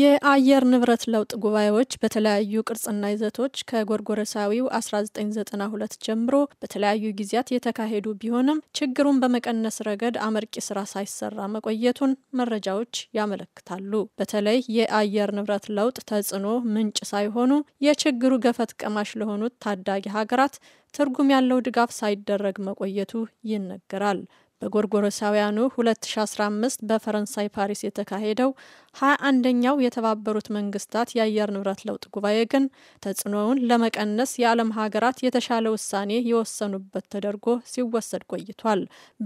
የአየር ንብረት ለውጥ ጉባኤዎች በተለያዩ ቅርጽና ይዘቶች ከጎርጎረሳዊው 1992 ጀምሮ በተለያዩ ጊዜያት የተካሄዱ ቢሆንም ችግሩን በመቀነስ ረገድ አመርቂ ስራ ሳይሰራ መቆየቱን መረጃዎች ያመለክታሉ። በተለይ የአየር ንብረት ለውጥ ተጽዕኖ ምንጭ ሳይሆኑ የችግሩ ገፈት ቀማሽ ለሆኑት ታዳጊ ሀገራት ትርጉም ያለው ድጋፍ ሳይደረግ መቆየቱ ይነገራል። በጎርጎረሳውያኑ 2015 በፈረንሳይ ፓሪስ የተካሄደው 21ኛው የተባበሩት መንግስታት የአየር ንብረት ለውጥ ጉባኤ ግን ተጽዕኖውን ለመቀነስ የዓለም ሀገራት የተሻለ ውሳኔ የወሰኑበት ተደርጎ ሲወሰድ ቆይቷል።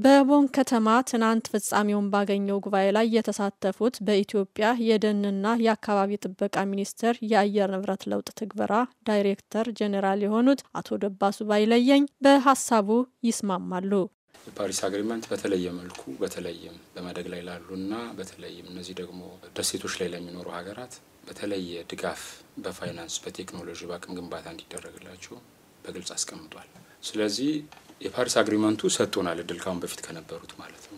በቦን ከተማ ትናንት ፍጻሜውን ባገኘው ጉባኤ ላይ የተሳተፉት በኢትዮጵያ የደንና የአካባቢ ጥበቃ ሚኒስቴር የአየር ንብረት ለውጥ ትግበራ ዳይሬክተር ጄኔራል የሆኑት አቶ ደባሱ ባይለየኝ በሀሳቡ ይስማማሉ። የፓሪስ አግሪመንት በተለየ መልኩ በተለይም በማደግ ላይ ላሉና በተለይም እነዚህ ደግሞ ደሴቶች ላይ ለሚኖሩ ሀገራት በተለየ ድጋፍ በፋይናንስ፣ በቴክኖሎጂ፣ በአቅም ግንባታ እንዲደረግላቸው በግልጽ አስቀምጧል። ስለዚህ የፓሪስ አግሪመንቱ ሰጥቶናል እድል ካሁን በፊት ከነበሩት ማለት ነው።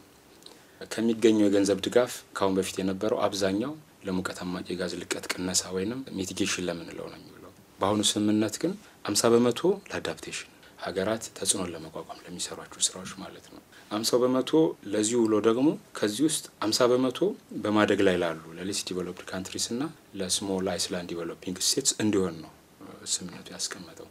ከሚገኘው የገንዘብ ድጋፍ ካሁን በፊት የነበረው አብዛኛው ለሙቀት አማጭ የጋዝ ልቀት ቅነሳ ወይም ሚቲጌሽን ለምንለው ነው የሚውለው። በአሁኑ ስምምነት ግን አምሳ በመቶ ለአዳፕቴሽን ሀገራት ተጽዕኖን ለመቋቋም ለሚሰሯቸው ስራዎች ማለት ነው። አምሳ በመቶ ለዚህ ውሎ ደግሞ ከዚህ ውስጥ አምሳ በመቶ በማደግ ላይ ላሉ ለሌስ ዲቨሎፕድ ካንትሪስ እና ለስሞል አይስላንድ ዲቨሎፒንግ ስቴትስ እንዲሆን ነው ስምነቱ ያስቀመጠው።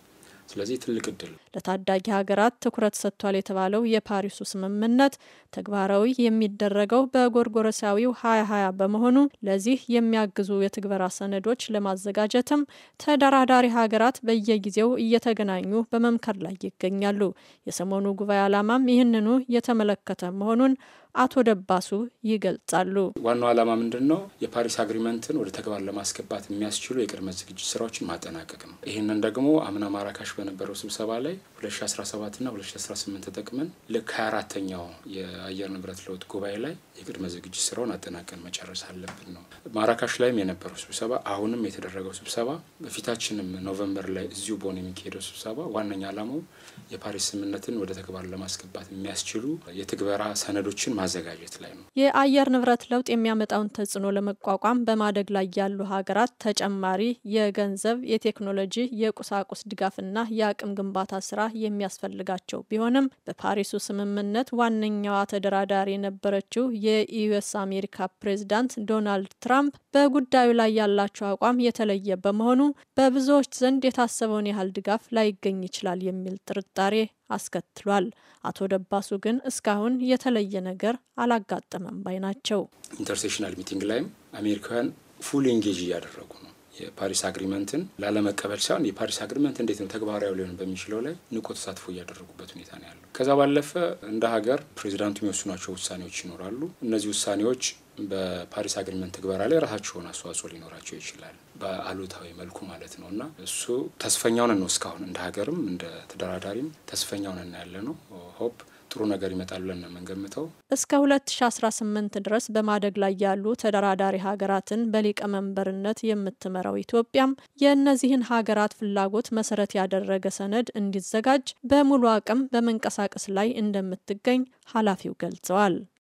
ስለዚህ ትልቅ እድል ነው። ለታዳጊ ሀገራት ትኩረት ሰጥቷል የተባለው የፓሪሱ ስምምነት ተግባራዊ የሚደረገው በጎርጎረሳዊው 2020 በመሆኑ ለዚህ የሚያግዙ የትግበራ ሰነዶች ለማዘጋጀትም ተደራዳሪ ሀገራት በየጊዜው እየተገናኙ በመምከር ላይ ይገኛሉ። የሰሞኑ ጉባኤ ዓላማም ይህንኑ የተመለከተ መሆኑን አቶ ደባሱ ይገልጻሉ። ዋናው ዓላማ ምንድን ነው? የፓሪስ አግሪመንትን ወደ ተግባር ለማስገባት የሚያስችሉ የቅድመ ዝግጅት ስራዎችን ማጠናቀቅ ነው። ይህንን ደግሞ አምና ማራካሽ በነበረው ስብሰባ ላይ 2017ና 2018 ተጠቅመን ልክ 24ተኛው የአየር ንብረት ለውጥ ጉባኤ ላይ የቅድመ ዝግጅት ስራውን አጠናቀን መጨረስ አለብን ነው። ማራካሽ ላይም የነበረው ስብሰባ አሁንም የተደረገው ስብሰባ በፊታችንም ኖቨምበር ላይ እዚሁ ቦን የሚካሄደው ስብሰባ ዋነኛ ዓላማው የፓሪስ ስምምነትን ወደ ተግባር ለማስገባት የሚያስችሉ የትግበራ ሰነዶችን ማዘጋጀት ላይ ነው። የአየር ንብረት ለውጥ የሚያመጣውን ተጽዕኖ ለመቋቋም በማደግ ላይ ያሉ ሀገራት ተጨማሪ የገንዘብ፣ የቴክኖሎጂ፣ የቁሳቁስ ድጋፍና የአቅም ግንባታ ስራ የሚያስፈልጋቸው ቢሆንም በፓሪሱ ስምምነት ዋነኛዋ ተደራዳሪ የነበረችው የዩኤስ አሜሪካ ፕሬዚዳንት ዶናልድ ትራምፕ በጉዳዩ ላይ ያላቸው አቋም የተለየ በመሆኑ በብዙዎች ዘንድ የታሰበውን ያህል ድጋፍ ላይገኝ ይችላል የሚል ጥርጣሬ አስከትሏል። አቶ ደባሱ ግን እስካሁን የተለየ ነገር አላጋጠመም ባይ ናቸው። ኢንተርሴሽናል ሚቲንግ ላይም አሜሪካውያን ፉል ኢንጌጅ እያደረጉ ነው። የፓሪስ አግሪመንትን ላለመቀበል ሳይሆን የፓሪስ አግሪመንት እንዴት ነው ተግባራዊ ሊሆን በሚችለው ላይ ንቁ ተሳትፎ እያደረጉበት ሁኔታ ነው ያለው። ከዛ ባለፈ እንደ ሀገር ፕሬዚዳንቱ የሚወስኗቸው ውሳኔዎች ይኖራሉ። እነዚህ ውሳኔዎች በፓሪስ አግሪመንት ትግበራ ላይ ራሳቸውን አስተዋጽኦ ሊኖራቸው ይችላል፣ በአሉታዊ መልኩ ማለት ነው እና እሱ ተስፈኛውን ነው። እስካሁን እንደ ሀገርም እንደ ተደራዳሪም ተስፈኛውን ያለ ነው ሆፕ ጥሩ ነገር ይመጣል ብለን ነው የምንገምተው። እስከ 2018 ድረስ በማደግ ላይ ያሉ ተደራዳሪ ሀገራትን በሊቀመንበርነት የምትመራው ኢትዮጵያም የእነዚህን ሀገራት ፍላጎት መሰረት ያደረገ ሰነድ እንዲዘጋጅ በሙሉ አቅም በመንቀሳቀስ ላይ እንደምትገኝ ኃላፊው ገልጸዋል።